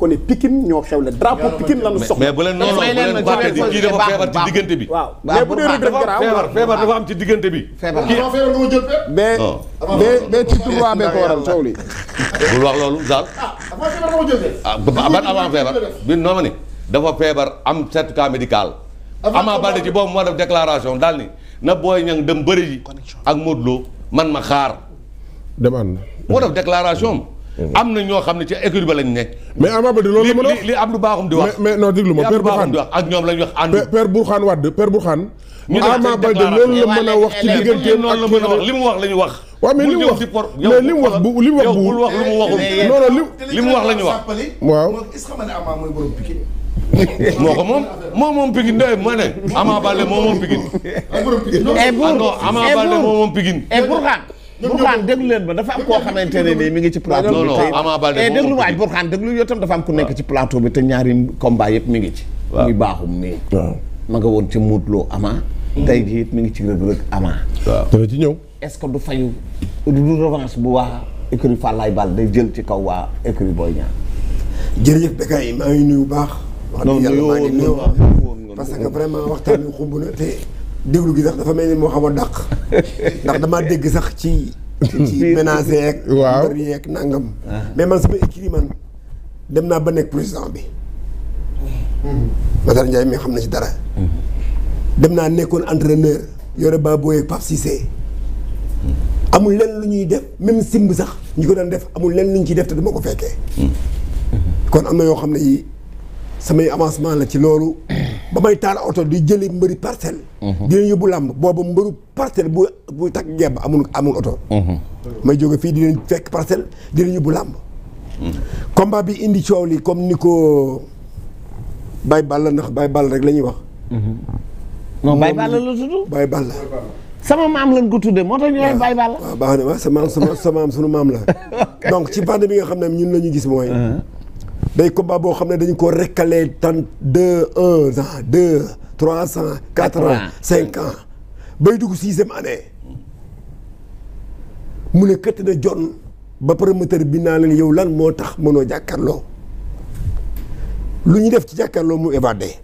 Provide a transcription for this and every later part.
kon Pikine ñoo xew la drapeau Pikine la ñu soxla. mais bu leen noonu bu leen bàtte bi. waaw mais bu dee rëgg bi. feebar kii feebar nga ko jël feebar. mais mais mais li. bul wax loolu Zal. ah avant feebar ah, feebar bi noo ma ni dafa feebar am certificat médical. Ama Baldé ci boobu moo def déclaration daal ni na Boy Niang dem bëri ji ak Modou Lo man ma xaar. dem ànd moo def déclaration Mhm. am na ñoo xam ne ci écurie ba lañ nekk. mais Ama Baldé loolu la a wax li li Abdou Bakhoum di wax. mais mais non déglu ma Père Bourkhane di ak ñoom lañ wax ànd. Père Bourkhane Wade Père loolu la mën a wax ci digganteem ak a wax li mu wax la ñu wax. waaw mais li wax mais li wax bu li mu wax bu. yow bul wax lu li mu wax la ñu wax. waaw est-ce que xam moo ko moom moo moom Pikine de ma ne Ama Baldé moom moom Pikine. ay borom Pikine ah non non moom moom Pikine. et Bourkhane Bourkhane déglu leen ba dafa am koo xamante ne nii mi ngi ci plateau bi tey Ama Baldé et eh, déglu waaj Bourkhane déglu yow tam dafa am ku nekk ci plateau bi te ñaari combat yëpp mi ngi ci muy baaxum nii ma nga woon ci Modou Lo Ama mm. tey jii it mi ngi ci rëg-rëg Ama waaw ci ñëw est-ce que du fayu du revanche bu waa écurie Falaye Bal day jël ci kaw waa écurie Boy Niang jërëjëf Bécaye maa ngi nuyu baax wax dëgg yàlla maa ngi nuyu parce que vraiment waxtaan wi xumb na te déglu gi sax dafa mel ni moo xam a ndax damaa dégg sax ci ci ménage yeeg waaw mbër yeeg nangam mais man sama écrit man dem naa ba nekk président bi Matar Ndiaye mi xam na ci dara dem naa nekkoon entraîneur yore Baboye ak Pape amul lenn lu ñuy def même simb sax ñu ko daan def amul lenn lu ñu ciy def te dama ko fekkee kon am na yoo xam ne yi samay avancement la ci loolu ba may taal oto di jëli mbëri parcelle. Mhm. di leen yóbbu làmb boobu mbëru parcelle bu bu takk ngemb amul amul oto. Mhm. may jóge fii di leen fekk parcelle di leen yóbbu làmb. Mhm. combat bi indi coow li comme ni ko Baye Balla ndax Baye Balla rek la ñuy wax. moom Baye Balla la tudd. Baye Balla. sama maam lañ ko tuddee moo tax ñu lay Baye Balla. waaw baax na waaw sama sama sunu maam la donc ci bande bi nga xam ne ñun la ñu gis mooy. Uh-huh. day combat boo xam ne dañ ko récalé tant deux un an deux trois ans quatre ans cinq ans bay dugg sixième année mu ne këtt na jon ba promoteur bi naa leen yow lan moo tax mënoo jàkkaarloo lu ñu def ci jàkkaarloo mu évadé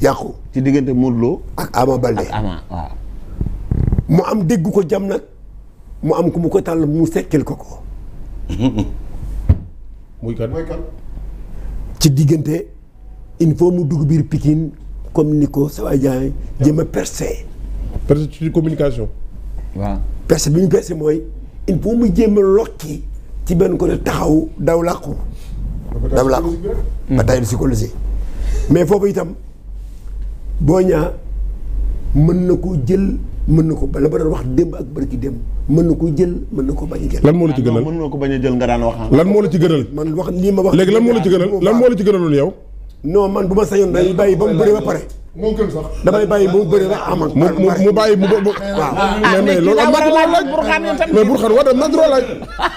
yàqu. ci diggante Modou Lo ak Ama Baldé ak Ama mu am dégg ko jam nag mu am ko mu ko tàll mu sekkil ko ko. muy kan ci diggante il faut mu dugg biir Pikine comme ni ko Sawa Diagne jëm a percé. percé ci communication. waaw percé bi ñu percé mooy il faut mu jéem a lokki ci benn côté taxaw daw làqu. daw làqu mm. bataille psychologique mais foofu itam boo ñaa mën na ko jël. mën na ko la ba doon wax démb ak bërki démb mën na ko jël mën na ko bañ a lan moo la ci ah, gënal mën na ko bañ a jël nga daan wax lan moo la ci gënal man wax lii ma wax léegi lan moo la ci gënal lan moo la ci gënaloon yow non man bu ma sañoon day bàyyi ba mu bëri ba pare moo gën sax damay bàyyi mu bëri rek am ak. mu bàyyi mu bë ah. waaw. Ah. mais mais loolu ah, am na mais bu xam war na madro laaj.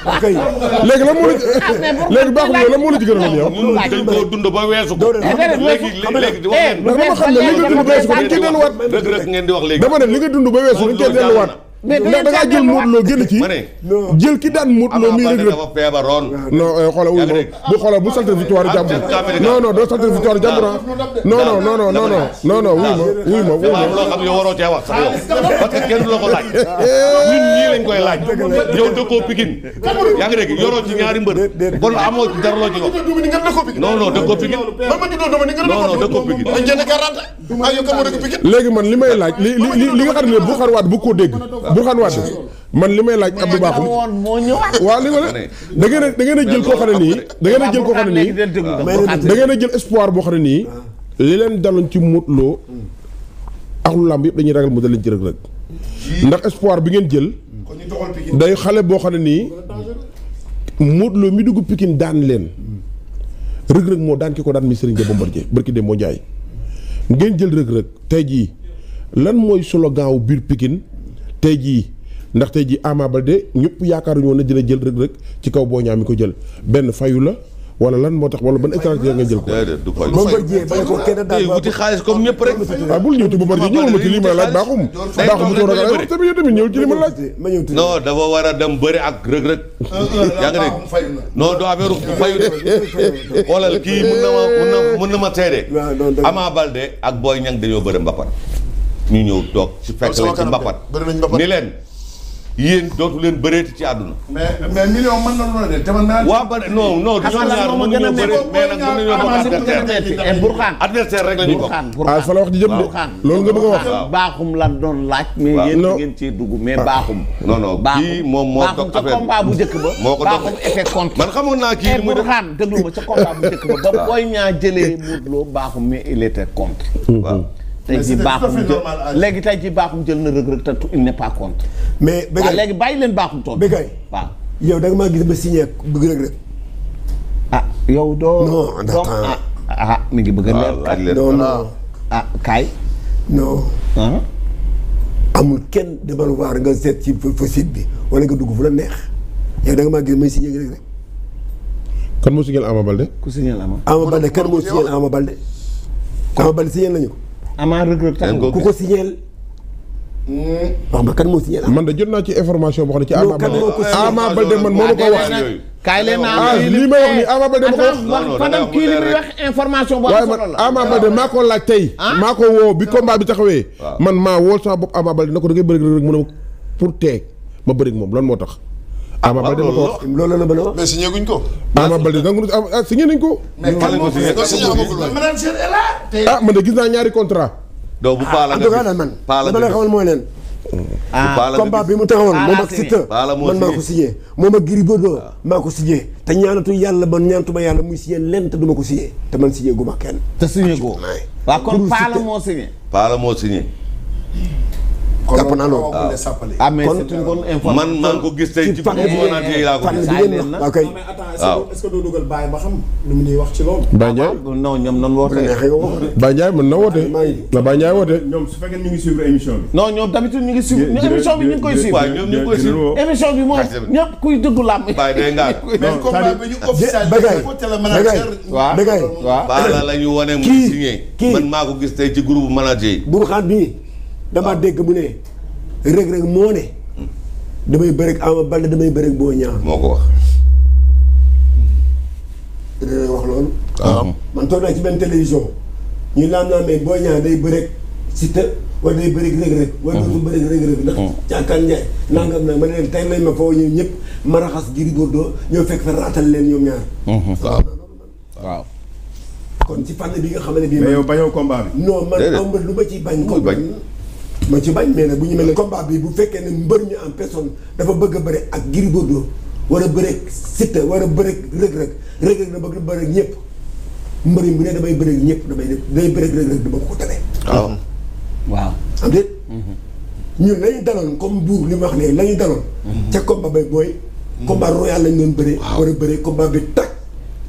ok léegi lan moo la léegi baaxul yow lan moo la ci gën a yow. dañ koo dund ba weesu ko. Eh, léegi léegi wax eh, dama xam ne li nga dund ba weesu ko dañ koy delluwaat. rek rek ngeen di wax léegi. dama ne li nga dund ba weesu dañ koy delluwaat. mais da ngaa jël Modou Lo jël ci jël ki daan Modou Lo mii rek dafa feebaroon non eh, bu xoolal bu sant victoire jàmbur non non doo sant victoire jàmbur ah. non non non non non non wuy ma wuy ma wuy ma la ko laaj ñun ñii lañ koy laaj yow dëkkoo Pikine yaa ngi dégg yoroo ci ñaari mbër bon léegi man li may laaj li li nga xam ne bu xarwaat bu ko dégg Bougane Wade man li may laaj Abdou Bakhoum waaw li ma la da ngeen da ngeen a jël koo xam ne nii dangeen a jël koo xam ne nii da a jël espoir boo xam ne nii li leen daloon ci Modou Lo ak lu làmb yëpp dañuy ragal mu dal leen ci Reug Reug ndax espoir bi ngeen jël day xale boo xam ne nii Modou Lo mi dugg Pikine daan leen Reug Reug moo daan ki ko daan mi Serigne Bombardier barki dem moo jaay ngeen jël Reug Reug tey jii lan mooy solo wu biir pikin tey jii ndax tey jii Ama de ñëpp yaakaaruñu na ne dina jël Reug Reug ci kaw Boy Niang mi ko jël benn fayu la wala lan moo tax wala ban étranger nga jël ko. du fayu ba nga jiyee ba ko kenn daal wuti xaalis comme ñëpp rek. waaw ah, bul ñëw ci bu bëri ñëwal ma ci dafa war a dem bëri ak Reug Reug. yaa ngi dégg ah, non doo affaire fayu de xoolal kii mun na ma mun na ma teede. Ama Baldé ak Boy Niang dañoo bëri Mbappar ñu ñëw toog si fekk leen ci mbappat ni leen yéen dootu leen bëreeti ci àdduna. mais mais million mën na loolu de te man naa. waaw ba non non ñoom ñaar mën eh, adversaire. rek la ñuy bokk. burxaan fa la wax di ah, loolu a wax lan doon laaj. mais yéen ngeen ci dugg mais baaxum. non non kii moom moo toog affaire bi baaxum ca combat bu njëkk ba. moo ko doon man xamoon naa kii eh, li muy def burxaan déglu ma ca combat bu njëkk ba ba booy ñaa jëlee Modou Lo baaxum mais il était contre. tey jii baaxum léegi tey jii baaxum jël na rëg rëg te il n'est pas contre. mais Bécaye léegi bàyyi leen baaxum tool. Bécaye waaw. yow da maa gis ba signé bëgg rëg rëg. ah yow doo. non donc ah, ah, ah mi ngi a ah, leer. kenn demal waar nga seet ci fa site bi wala nga dugg fu la neex yow da maa gis ma signé rëg rëg. kan moo signé Ama Balde. ku signé Ama. Ama Balde kan moo signé nañu ko. Ama Reug ku ko hmm. signal. man de jot naa ci information boo xam ne ci Ama Baldé man moo ma ko wax. kaay ah, lii may wax nii Ama Baldé ma ko wax. non Fadam kii li information boo am maa ko laaj tey. Ah? maa ko woo bi combat bi taxawee. man maa woo sama bopp Ama Baldé na ko da ngay bëri rek mën a pour teeg ma bëri moom lan moo tax. Ah, Ama Baldé ma ko wax a wax. mais ko. Ah, Ama Baldé nangu ah signé nañ ko. mais kan moo signé ah man de gis naa ñaari contrat. donc bu Paa la ah, nga gis man dama lay xamal mooy leen. ah combat bi mu taxawoon moom ak Siteu man maa ko signé moom ak Gris Bordeaux maa ko signé te ñaanatu yàlla man ñaanatuma yàlla muy signé lenn te du ma ko signé te man signé gu ma kenn. te signé ko waaw kon Paa la moo signé. Paa la moo signé. jàpp naa loolu ah, ah mais c'est man man ko gis tey ci fànn laa ko gis xam lu mu wax ci loolu Baye Ndiaye ah, non ñoom nan woote Baye Ndiaye mën na woote la Baye Ndiaye woote ñoom su fekkee ñu ngi suivre émission bi non ñoom d'habitude ñu ngi suivre bi ñu ngi koy suivre waaw ñoom ñu ngi koy suivre émission bi mooy ñëpp kuy dëggu làmb mu signé man maa ko gis tey ci groupe manager yi Burkhane bi dama dégg mu ne Reug Reug moo ne damay bëreeg Ama Baldé damay bëreeg Boy Niang moo ko wax dina wax loolu ah, man toog naa ci benn télévision ñu laam laamee Boy Niang day bëreeg Siteu wala day bëreeg Reug Reug wala dootul bëreeg Reug Reug ndax hmm. caakaan Ndiaye nangam nag ma ne leen tey lañ ma foo ñëw ñëpp ma raxas Gris Bordeaux ñoo fekk fa raatal leen ñoom ñaar hmm. waaw kon ci fànn bi nga xam ne bii mais yow bañoo combat bi man am lu ma ciy bañ ko ma ci bañ mais nag bu ñu mel ne combat bi bu fekkee ne mbër ñu en personne dafa bëgg a bëre ak Gris Bordeaux war a bëre Siteu war a bëre Reug Reug Reug Reug na bëgg bëre ñëpp mbër yi bu ne damay bëre ñëpp damay def day bëre Reug Reug dama ko tere. waaw waaw. am déet. ñun la ñu daloon comme buur li mu wax ne la ñu daloon. Mhm. ca combat bay mooy. combat royal lañ doon bëre. war a bëre combat bi tàkk.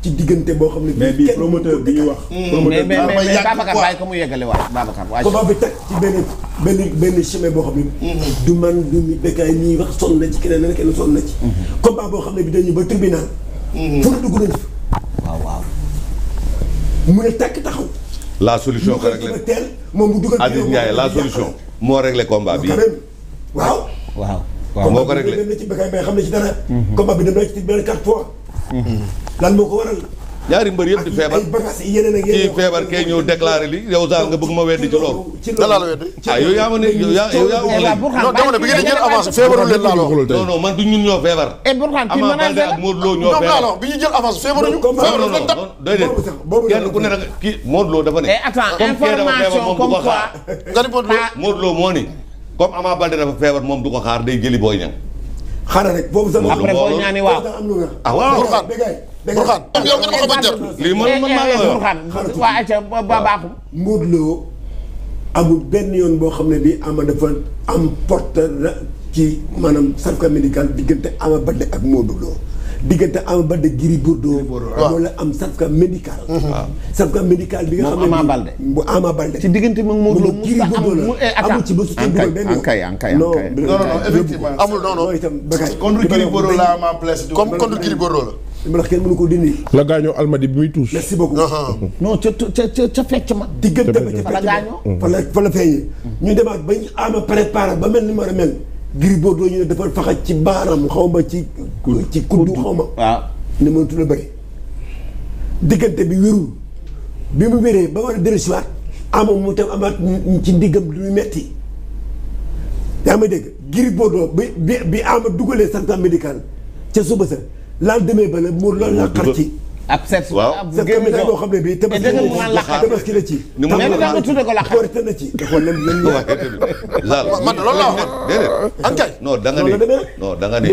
ci diggante boo xam ne. mais bii promoteur bi ñuy wax. Hmm. promoteur bi mais mais Babacar bàyyi ko mu yeggale waay Babacar waay. combat bi teg ci benn benn benn chemin boo xam ne. Hmm. du man du mi Bécaye ñuy wax sonn na ci keneen na keneen sonn na ci. Hmm. combat boo xam ne bi dañuy ba tribunal. fu mu dugg nañ fa. waaw waaw. mu ne tàkk taxaw. la solution ko réglé teel moom bu dugal. Aziz Ndiaye la solution. moo réglé combat bi waaw. waaw waaw moo ko réglé combat bi ci Bécaye Mbaye xam ne ci dara. combat bi dem na ci fois. lan moo ko waral. ñaari mbër yëpp di feebar ci feebar kee ñëw déclaré li yow sax nga bëgg ma weddi ci loolu. ci loolu la weddi. ah yow yaa ma ne yow yaa yow yaa wax eh, léegi. non dama ne bi ñun ñoo feebar. et eh, pourtant ak Modou ñoo feebar. bi ñu jël avance feebaru ñu. Eh, feebaru ñu ah. moom du ko xaar day jëli booy ñang xaaral rek ñaani waaw ah Burkhane a lii man eh, eh, benn yoon boo xam ne bii Ama dafa am porte la ci maanaam certificat médical diggante Ama Baldé ak Modou diggante am certificat médical. Mm-hmm. waaw certificat médical bi nga xam ne Ama Baldé bu Ama Baldé. ci diggante moom Modou Lo mu am mu amul eh, ci bés. ankay ankay non non non effectivement amul non non. itam bagaay. contre Gris Bordeaux la ama place. comme contre Gris Bordeaux la. li ma la wax kenn mënu ko dindi. la gaañoo almadi bi muy tuus. merci beaucoup. non ca ca ca fecc ma. diggante ba ca fecc ma la gaañoo. fa la fa la feeñee. ñu demaat ba ñu ama ba mel ni ma war a mel. Gris Bordeaux ñu ne dafa faxat ci baaraam xaw ma ci. ci kuddu xaw ma. waaw ah. ne mënatu la bëri. diggante bi wérul bi mu wéree ba war a dellusiwaat ama mu tam amaat ci ndiggam lu metti yaa ma dégg Gris Bordeaux bi bi ama dugalee sanction médicale ca suba sa lendemain ba la mu loolu la xar ci. ab set waaw set tamit daal boo xam ne bii tabaski tabaski la ci. la ko korite loolu laa wax déedéet. da nga ne da nga ne.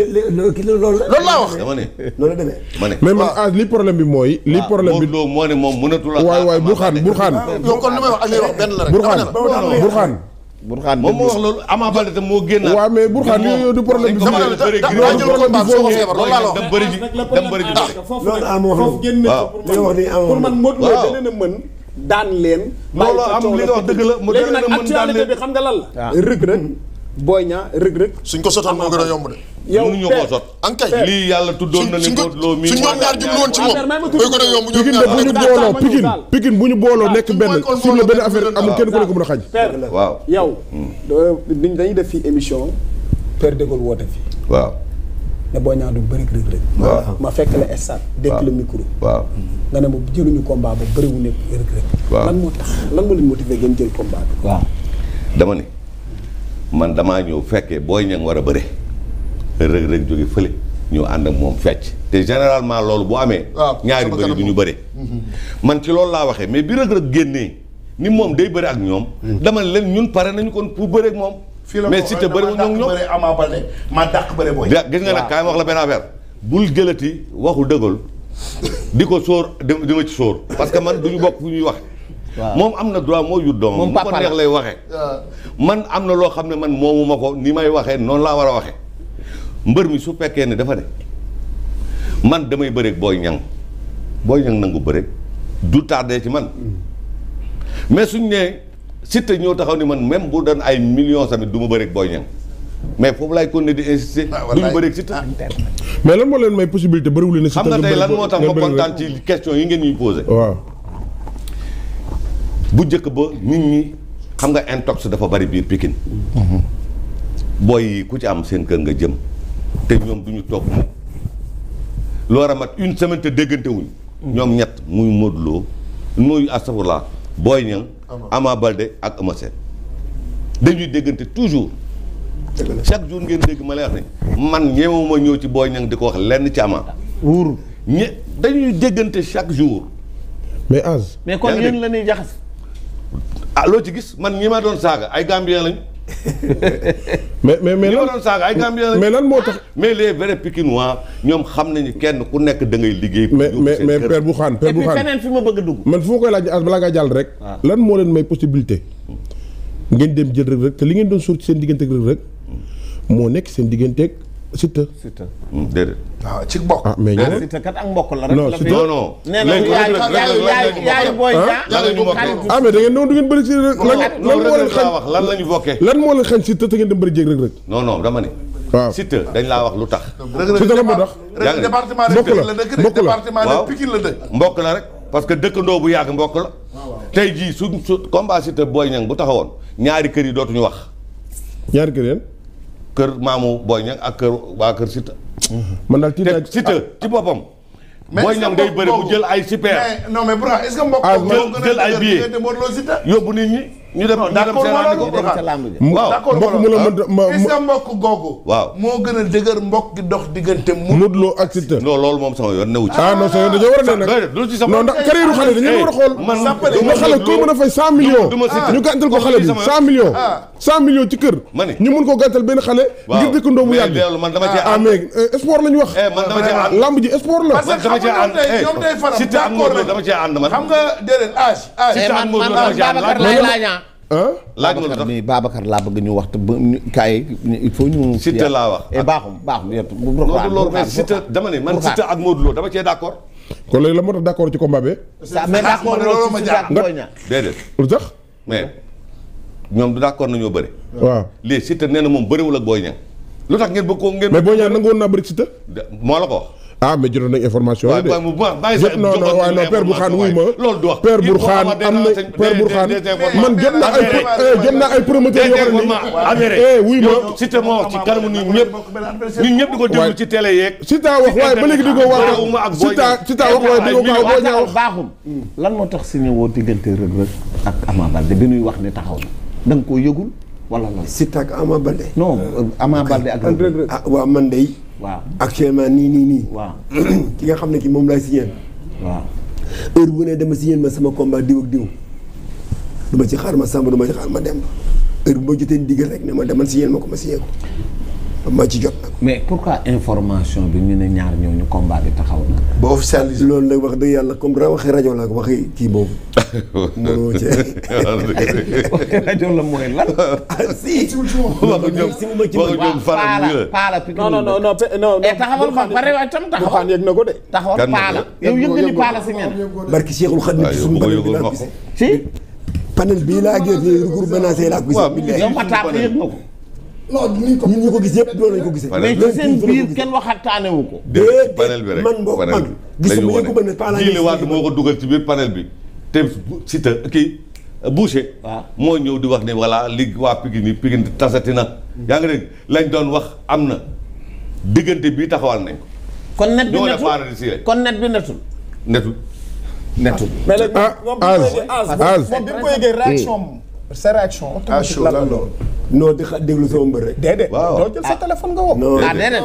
loolu laa wax. dama ne loolu demee. ma ne mais man ah problème bi mooy. li ah, problème bi moo moom mënatul li ah, may wax ak li wax benn la rek. burxaan Bourkhane moom moo wax loolu Ama Baldé tam moo génn. a mais Bourkhane yooyu du problème bi. dama bëri gi loolu la mën daan leen. loolu am li nga wax dëgg la mu daan leen mën daan leen bi xam nga lan la. rëg Boy Niang Reug Reug. suñ ko sotoon moo gën a yomb de. yow ñu ko sot an kay lii yàlla tuddoon na ne Modou Lo mi suñ ñoom ñaar jubluwoon ci moom mooy gën a yomb booloo nekk benn sur le benn affaire amul kenn ku mm. dañuy def fii émission Père de Gaulle woote fi waaw ne Boy Niang du bëri Reug Reug ma fekk la stade dégg la micro waaw nga ne ma jëluñu combat ba bëriwu nekk Reug Reug lan moo tax lan moo leen motivé ngeen jël combat bi waaw dama ne man damaa ñëw fekkee booy ña war a bëre rëg-rëg jóge fële ñu ànd ak moom fecc te généralement loolu bu amee ñaari bëri bu ñu bëre mm-hmm. man ci loolu laa waxee mais bi rëg-rëg génnee ni moom day bëri ak ñoom mm. demal leen ñun pare nañu kon pour bëre ak moom mais si te bëri ñoom ñoom Ama Baldé ma dàq bëre booy gis nga nag kaay wax la benn affaire bul jëlati waxu dëggal di ko sóor di ma ci sóor parce que man du ñu bokk fu ñuy wax moom am na droit moo jur doomam mu ko lay waxee man am na loo xam ne man moomu ma ko ni may waxee noonu laa war a waxe mbër mi su fekkee ne dafa ne man damay bëreeg booy ñang booy ñang nangu bëreeg du tardé ci man mm. mais suñ nee Siteu ñëw taxaw ni man même bu doon ay millions tamit du ma bëreeg booy ñang mais foofu laay continuer di insister ah, duñu bëreeg Siteu ah, mais lan moo leen may possibilité bëriwul ne xam nga tey lan moo tax ma kontaan ci question yi ngeen ñuy posé bu njëkk ba nit ñi xam nga intox dafa bari biir Pikine booy yi ku ci am seen kër nga jëm te ñoom du ñu toog mukk loo ramat une semaine te déggante wuñ ñoom ñett muy Modou Lo muy astafurla booy Niang Ama Baldé ak Eumeu Sène dañuy déggante toujours chaque jour ngeen dégg ma lay wax ne man ñeewuma ñëw ci Boy Niang di ko wax lenn ci Ama wóorul dañuy déggante chaque jour mais Ange mais kon yéen la ñuy jaxas ah loo ci gis man ñi ma doon saaga ay Gambien lañ. mais mais mais lan saaga ay Gambien mais lan moo tax. Ah, mais les vrais Pikinois ñoom xam nañu kenn ku nekk da ngay liggéey. mais mais mais Père Bourkhane Père Bourkhane feneen fi ma bëgg a dugg. man foo koy laaj balaa ngaa jàll rek. Ah. lan moo leen may possibilité. ngeen dem jël rek Reug te li ngeen doon suur ci seen digganteeg Reug Reug hmm. moo nekk seen digganteeg. Siteu. Siteu hmm, déedéet. waaw ah, ci mbokk. ah mais ñoom Siteu kat ak mbokk la rek. non non non. nee na yaayu yaayu yaayu booy ah mais da ngeen doon du ngeen bëri si lan moo leen xañ wax lan moo leen xañ Siteu te ngeen dem bëri jéeg rek rek. non dama ne. waaw Siteu dañ laa wax lu tax. Siteu la moo tax. yaa ngi département de Pikine la dëkk mbokk la rek parce que dëkkandoo bu yàgg mbokk la. tey jii su su combat Siteu Boy Niang bu taxawoon ñaari kër yi dootuñu wax. ñaari kër yéen kër maamu Boy Niang ak kër waa kër Siteu. man daal ci nag Siteu ah. ci boppam. Boy Niang day bëri bu jël ay super. mais non mais ah, jël ay billets yóbbu nit ñi. ñu dem ñu dem seetaan ko waaw mbokk mu la ma ma mbokk googu. waaw moo gën a dëgër mbokk gi dox diggante mu. Modou Lo ak Siteu. non loolu moom sama yoon newu ci. ah non sa yoon dañoo war a ci a eh, xool. man ah. ñu gàntal ko xale bi cent millions. Ah. cent millions ci kër. ma ñu mun koo gàntal benn xale. waaw ngir dëkkandoo bu yàgg. ah mais sport lañu wax. man dama cee ah, euh, eh, am lamb ji sport la. parce que xam nga eh, ñoom day faral. Siteu ak Modou Lo dama cee ànd man. xam nga déedéet âge. âge Siteu ak Modou Lo dama cee ànd laa ma lu tax Babacar laa bëgg ñu wax te ba kaay il ñu. Siteu laa wax ak eh, baaxum baaxum yëpp. bu loolu mais Siteu dama ne man Siteu ak Modou Lo dama cee d'accord. kon léegi la moo tax d'accord ci combat bi. mais d'accord loolu ma jaar déedéet lu tax mais ñoom du d'accord nañoo bëri. waaw léegi Siteu nee moom bëriwul ak Boy Niang. lu tax ngeen bëgg ko ngeen. mais Boy Niang nangu woon naa bëri Siteu. moo la ko ah mais a nañ information. waaw waaw bu baax jot non non waaw non Père Bourkhane wuy ma. loolu du wax am na Père Bourkhane man jot naa ay eh, jot naa ay promoteur eh, wuy ma si te moo di ko déglu ci télé yeeg. si ta wax waaye ba léegi di ko wax si ta si ta wax waaye di ko kaaw boo ñaaw baaxul lan moo tax si ne woo diggante Reug Reug ak Ama Baldé bi nuy wax ne taxaw na da nga yëgul wala lan Siteu ak Ama Baldé. non Ama Baldé ak. ah, ah man de. waaw actuellement nii nii nii. waaw ki nga xam ne ki moom laay signé. waaw heure bu ne si signé ma sama combat diw ak diw. duma ci xaar ma sàmm du ma ci xaar ma dem heure bu ma jotee ndigal rek ne ma demal si signé ma ko ma signé ko. maa ci jot. mais pourquoi information bi ñu ne ñaar ñooñu combat bi taxaw na. ba officialisé loolu nag wax dëgg yàlla comme dara waxee rajo la ak waxi kii boobu. mënoo cee. waxi rajo la mooy lan. ah si. non non non non non. Eh, taxawal ma pare waaye tam taxawal. yëg na ko de. taxawal paala yow yëg nga ni paala si ñenn. barki Cheikhul Khadim ci suñu panel bi laa gis. si. panel bii laa gis nii recours menacé laa gis. waaw yow Matar yëg nga ko. non dinañ ko ñun ñu ko gis yëpp loolu lañ ko gisee. mais ci seen biir kenn wu ko. déedéet panel bi rek man boo gisuma ñu ko mën a. lii la waat moo ko dugal ci biir panel bi te si te kii Boucher. waaw ah. moo ñëw di wax ne voilà li waa Pikine Pikine tasati na. yaa ngi dégg lañ doon wax am na diggante bii taxawal nañ ko. kon net bi netul kon net bi netul. netul netul. mais ah, léegi moom bi mu koy yëgee réaction sa réaction automatique ah, la loolu non di xa déglu sama mbër rek. déedéet doo jël sa téléphone nga woo. non ah déedéet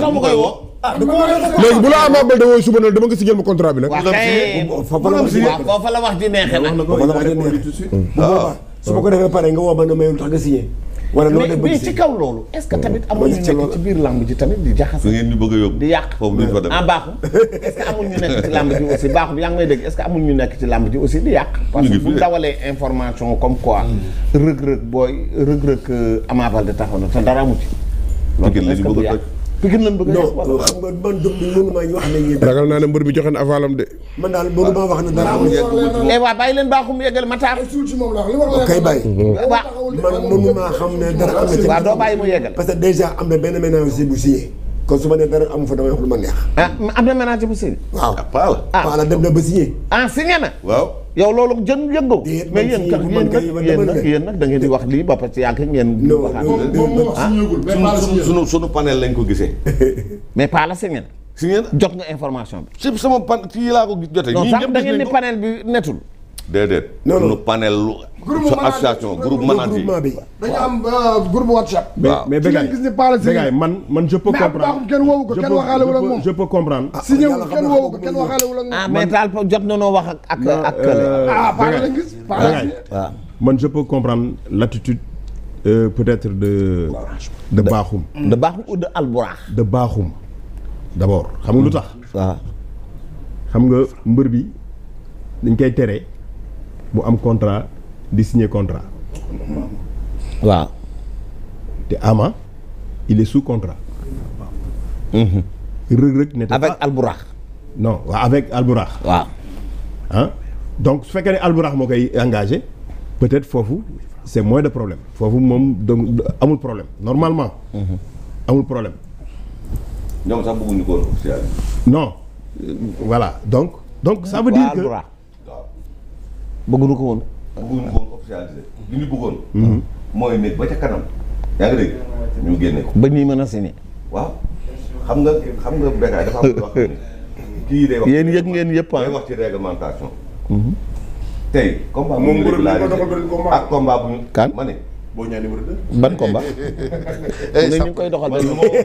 non ma koy woo. ah du ko léegi bu la Ama Baldé wooyu suba noonu dama nga si jël ma contrat bi nag. waaw kay foofa la wax di neexee nag. foofa la wax di neexee ah. bu boobaa su ma ko defee pare nga woo ma ne mayul tax nga signé. wala loo dem ba ci kaw loolu. est-ce que tamit amuñu nekk ci biir lamb ji tamit di jaxase. ngeen ñu bëgg a yóbbu di yàq foofu duñ fa dem en ah, baaxu est-ce que amul ñu nekk ci lamb ji aussi baaxu bi yaa ñu nekk ci lamb ji aussi di yàq. parce que bu dawalee information comme quoi. Hmm. rëg-rëg booy rëg-rëg euh, Ama Baldé taxaw na te dara amu ci. loolu est-ce que Pikine lan bëgg a non xam nga man dëkk bi ñu wax ne yéen. mbër bi joxe na avalam de. man daal mënuma ma eh, taar. ne dara am na ci. waaw mu yeggale. parce kon su ma nee dara amu fa damay wax lu ma neex. Ah, am na ménage bu signé. waaw Paa la. ah dem na ba signé. ah signé na yow loolu jën yëngoo. mais yéen kat yéen nag yéen nag da di wax lii ba pare yàgg ngeen. waxaat ah? sunu sunu panel lañ ko gisee. mais pas la semaine. si ngeen jot nga information bi. si sama pan kii laa ko jote ñii ñëpp da ngeen ni bi netul. déedéet. non non panel lu. association groupe manati euh, groupement mais mais man man je ko kenn waxaale wul jot na noo wax ak ak euh, ah, man je peux comprendre euh, peut-être de. de Bakhoum. de Bakhoum ou de Albourakh. de Bakhoum xam nga lu tax. xam nga mbër bi dañ koy tere. mu am contrat di signer contrat waaw te Ama il est sous contrat mhm. rëg-rëg n'était pas avec ah. Alburax non waaw avec Alburax donc su fekkee ne Alburax moo koy engagé peut-être foofu c'est moins de problème foofu moom donc amul problème normalement mhm. amul problème ñoom non voilà donc donc ça veut dire que bëgguñu ko woon. bëgguñu ko woon officialisé li ñu bëggoon. mooy ne ba ca kanam. yaa ngi dégg ñu génne ko. ba nii mën a sini. waaw xam nga xam nga béykat dafa am wax kii day wax yéen yëg ngeen yëpp ah. day wax ci réglementation. Mhm. tey combat bu ñu régularisé ak combat bu ñu. kan ma ne. boo ñaan numéro 2. ban combat. Eh, ñu koy doxal ba lu ma waxul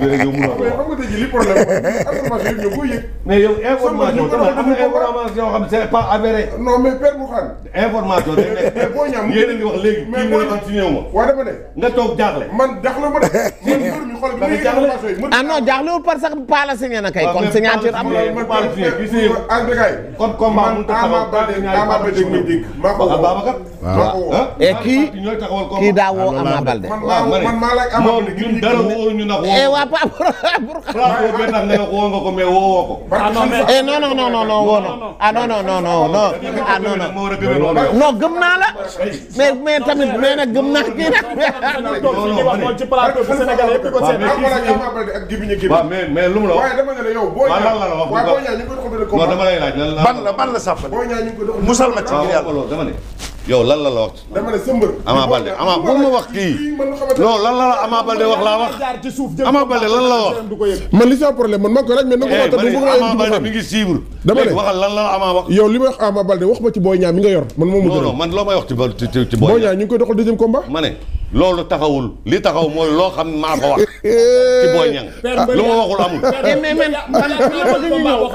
bi rek yow mun a wax. mais nga tey jii li problème information yi koy yëg. mais a ngi wax ma. waaw dama ne. nga toog jaaxle. man jaaxle ma de. man mbir mi xool ah, na kay. kon signature am na. man Paa la signé kii signé ko. en tout cas. kon combat mënut a xamal. Ama Baldé Ama Baldé mi dégg. maa ko kii kii daa woo ah, Ama Balde. waaw man maa ah, la Ama Balde ñun dara eh, woo ñu nag woo. waa Paa pour xaaral ko benn nga woo nga ko mais woo woo ko. Ah, eh non non non non non woo na ah non non non non non ah ci ngir yow lan la la wax. dama ne sa mbër. Ama Balde Ama wax kii. non lan la la Ama Balde wax laa wax. Ama Balde lan la wax. man li sa problème man maa koy laaj mais nag. maa ko Ama Balde mi ngi suivre. dama ne waxal la la Ama wax. yow li may wax Ama Balde wax ma ci Boy Niang mi nga yor. man moom mu non man loo may wax ci ba ci ci Boy Niang ñu ngi koy doxal deuxième loolu taxawul li taxaw mooy loo xam maa ko wax. ci Boy Niang. lu ma waxul amul. mais mais man man man man man man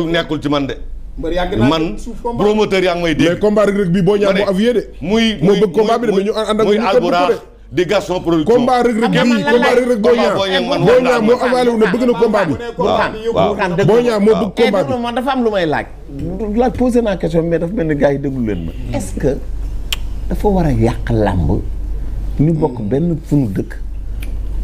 man man man man man man promoteur yaa ngi may dégg mais combat Reug bi boo ñaan mu avié de muy muy bëgg combat bi de mais ñu ànd ak muy Alboura di Gaston production combat Reug Reug bi combat Reug Reug wu ne bëgg na combat bi waaw boo ñaan moo bëgg combat bi eh, man dafa am lu may laaj laaj posé naa question mais dafa mel ni gars yi déglu leen ma est-ce que dafa war a yàq làmb ñu bokk benn suñu dëkk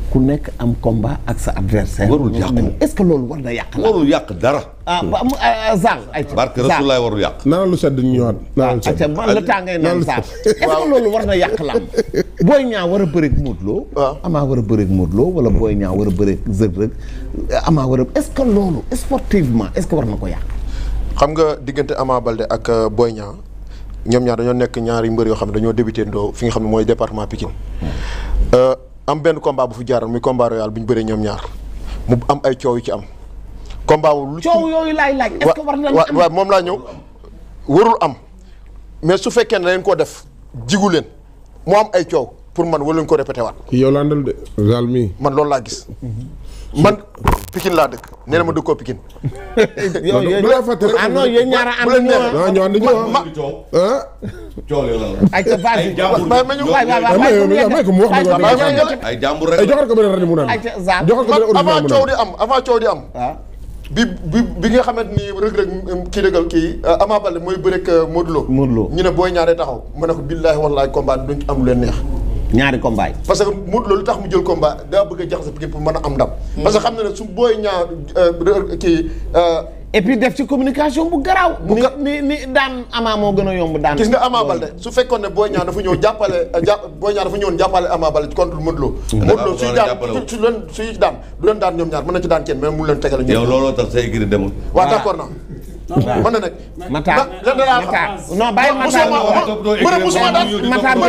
ku nekk am combat ak sa adversaire warul yàqu mm. est-ce que loolu war na yàq la warul yàq dara ah mm. ba mu ah, ah, Zal ayca barke Rasulullah warul yàq naan lu sedd ñëwaat naan ah, ayca man la tàngay naan Zal est-ce que loolu war na yàq la Boy ñaa war a bëreeg Modou Lo Ama war a bëreeg Modou Lo wala Boy Niang war a bëreeg Reug Reug Ama war a est-ce que loolu sportivement est-ce que war na ko yàq xam nga diggante Ama Baldé ak euh, Boy Niang ñoom ñaar dañoo nekk ñaari mbër yoo xam ne dañoo débuté ndoo fi nga xam ne mooy département Pikine hmm. am benn combat bu fi jaaroon muy combat royal bu ñu bëree ñoom ñaar mu am ay coow yu ci am. combat wu lu ci coow yooyu laay laaj. war nañ am waaw moom laa ñëw warul am mais su fekkee ne dañ koo def jigu leen moo am ay coow pour man waruñ ko répété waat. yow laa ndal de. Zal mii man loolu laa gis. Mhm. man Pikine laa dëkk nee ma dëkkoo Pikine. yow yow bu la fàttali ah non yéen ñaar ànd ñu ah ñoo ànd ñu ah. ah. ay ca base yi waay waay waay mu wax ma loolu. ay jàmbur rek ay joxal ko beneen rajo mu naan. ay ca zaar avant coow di am avant di am. bi bi bi nga xamante ni Reug Reug kii dëggal kii Ama Baldé mooy bëreeg Modou Lo. Modou Lo ñu ne booy ñaaree taxaw ma ne ko billaahi wallaahi combat duñ am lu leen neex. ñaari combat yi. parce que mu loolu tax mu jël combat daa bëgg a jaxase pour mën a am ndam. parce que xam na ne su booy ñaar euh, kii. Euh, et def ci communication bu garaaw. bu ga ni ni daan Ama moo gën a yomb daan. gis nga Ama Balde su fekkoon ne Boy Niang dafa ñëw jàppale euh, ja Boy Niang dafa ñëwoon jàppale Ama Balde contre Modou Lo. Modou Lo suy daan suy daan du leen daan ñoom ñaar mën na ci daan kenn mais mu leen tegale. ñoom looloo tax sa écrit demul. waaw mën na nag. Matar Matar non bàyyi Matar ma wax ma ne musuma daal Matar ma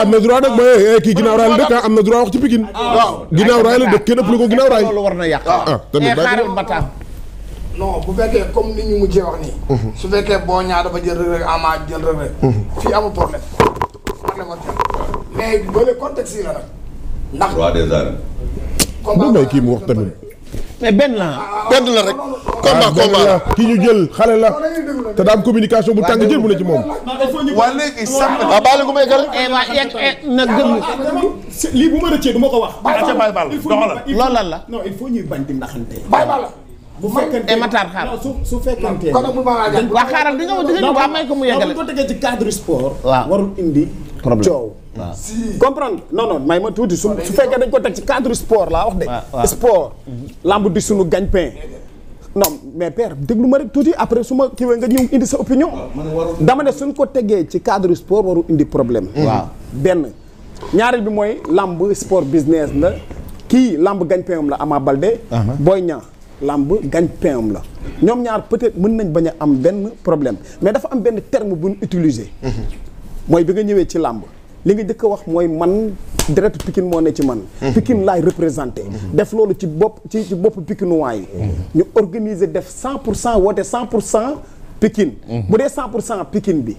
am na droit nag mooy eh, kii ginnaaw raay la dëkk am na droit wax ci Pikine. Ah, waaw ginnaaw raay la dëkk kenn ëpp lu ko ginnaaw raay. loolu war na yàq. ah, ah tamit eh, bàyyi Matar. non bu fekkee comme ni ñu mujjee wax nii. Mm-hmm. su fekkee boo ñaar dafa jël rek ama jël rek. Mm-hmm. fii amul problème. problème mais bële contexte yi la nag. ndax. waaw des arènes. comme kii mu wax tamit. mais benn la benn la rek. combat ah, combat ki ñu jël xale la te daam communication bu tàng jël mu ne ci moom. waa léegi sax waaw baale gu may gërëm. Eh, eh, nag ah, ah, lii bu ma rëccee du ma ko wax. bàyyi baal loolal bañ di ndaxante. bàyyi baal bu fekkente eh, Matar xaar su fekkente ne. waaw xaaral di nga di nga may ko mu yegale. bu ko waaw comprendre non non may ma tuuti su su fekkee dañ ko teg ci cadre sport laa wax de. Ah, sport. lamb di sunu gagne-pain. non mais père déglu ma rek tuuti après su ma kiiwee nga ñëw indi sa opinion. dama ne suñ ko tegee ci cadre sport waru indi problème. Mm. waaw benn. ñaareel bi mooy làmb sport business la kii làmb gagne-pain am la Ama Baldé. Uh-huh. Boy Niang lamb gagne-pain am la. ñoom ñaar peut-être mën nañ bañ a am benn problème mais dafa am benn terme bu ñu utiliser. Mm-hmm. mooy bi nga ñëwee ci lamb. li nga jëkk a wax mooy man direct Pikine moo ne ci man mhm. Pikine laay représenté mhm. def loolu ci bopp ci ci bopp Pikinois yi mhm. ñu organiser def cent pour cent woote cent pour cent Pikine bu dee cent pour cent Pikine bi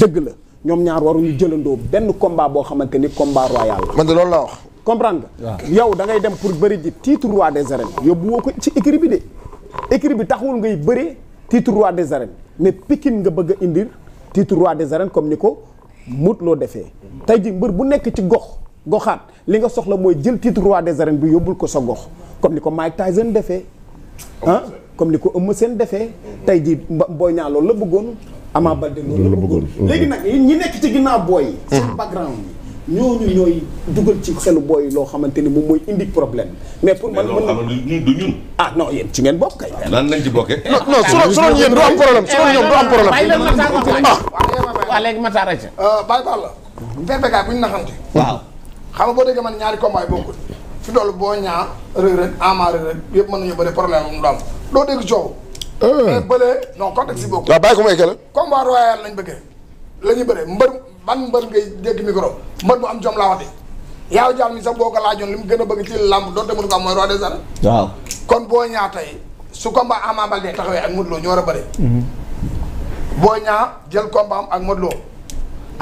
dëgg la ñoom ñaar waruñu jëlandoo benn combat boo xamante ni combat royal la man de loolu laa wax comprendre nga yow da ngay dem pour bëri ji titre roi des arènes yóbbu woo ko ci écrit bi de écrit bi taxul ngay bëri titre roi de arènes mais Pikine nga bëgg a indi titre roi de arènes comme ni ko mut loo defee tey ji mbër bu nekk ci gox goxaat li nga soxla mooy jël tiit roi des arènes bi yóbbul ko sa gox comme ni ko Mike Tyson defee ah comme ni ko Eumeu seen defee tey ji Boy Niang loolu la bëggoon amaa Baldé loolu la bëggoon léegi nag ñi nekk ci ginnaa booy seen background yi ñooñu ñooy dugal ci xelu booy loo xamante ni moom mooy indi problème mais pour man mën na du ñun ah non yéen ci ngeen bokk kay lan lañ ci bokkee non non su su doon yéen du am problème su doon ñoom du am ah. ah, la PPK euh, bu ñu naxante waaw xam nga boo déggee man ñaari combat yi bokkul fi doolu boo ñaa rëg rëg ama yëpp mën nañu bëri problème am du am doo dégg coow eh. mais bëlee non contexte yi bokkul waaw ko mu eggale combat royal lañ bëggee la ñuy bëree mbër ban mbër ngay dégg micro mbër bu am jom laa wax de yaaw jaam mi sax boo ko laajoon li mu gën a bëgg ci làmb doonte mënu ko kon boo ñaa tey su combat Ama a bëri mhm. boo ñaa jël combat ak Modou Lo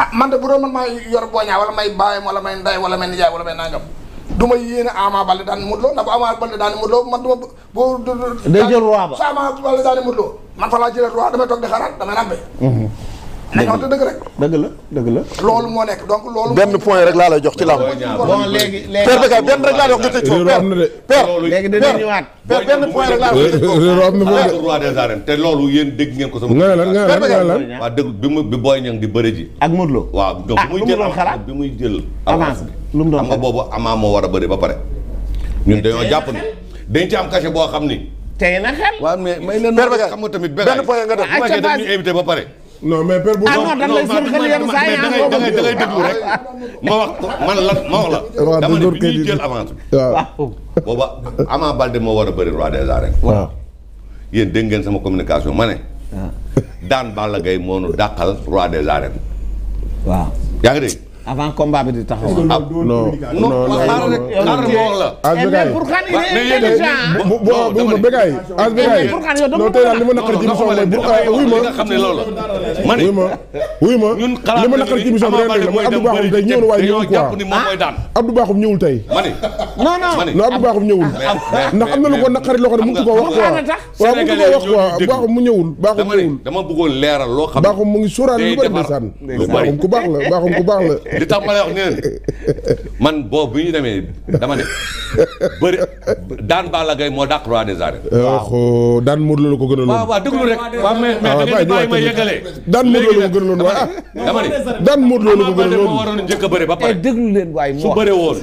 ah man de boo ñaa wala may baayam wala may wala may nijaay wala may nangam du ma yéene Ama Baldé daan Modou Lo ndax fa laa jëlee roi damay toog di xaraat damay nàmpe mhm. nañu wax dëgg rek. dëgg la dëgg la. loolu moo nekk donc loolu. benn point rek laa lay jox ci làmb. bon léegi léegi père Bécaye benn rek laa lay jox ci réew am na de. père léegi dina ñëwaat. père benn point rek laa lay jox réew am na de. roi des arènes te loolu yéen dégg ngeen ko sama. nga lan nga lan lan waaw dégg bi mu bi Boy Niang di bëre ji. ak Modou Lo. waaw donc ah, bi muy jël bi muy jël avance bi. lu mu doon xam nga boobu amaa moo war a bëri ba pare. ñun dañoo jàpp ni dañ ci am cachet boo xam ni. tey na xel. waaw mais may leen. père Bécaye xam nga tamit benn point nga def bu fekkee dañuy invité ba pare non mais père bu. ah non da ngay déglu rek ma wax man lan ma wax la. dama ne bi ñuy jël avance bi. waaw booba Ama Balde moo war a bëri roi des arènes. waaw yéen dégg ngeen sama communication ma ne. Ah. daan Balla Gaye moo nu dàqal roi des arènes. yaa ngi dégg. avant combat bi di taxaw. ah non non non xaaral rek xaaral ma wax la. mais pour xan il est intelligent. bu bu bu bu Bécaye. mais pour xan yow dama ko li ma naqari ci émission bi mooy ñëwul tey. ma ñëwul. ndax na lu ko naqari loo xam ne mënut ko wax. waaw mënut ko mu ñëwul. Bakhoum mu ngi sóoraale lu bari ndeysaan. lu ku baax la Bakhoum ku baax la li tax ma lay man boobu bi ñu demee dama ne bëri daan Balla moo dàq roi des arènes. dan daan Modou ko gën waaw waaw déglu rek. waaw Lo ko gënaloon waaye ah. dama ne daan Modou Lo ko gënaloon. moo waroon njëkk a bëri ba pare. déglu leen waay moo bëree woon.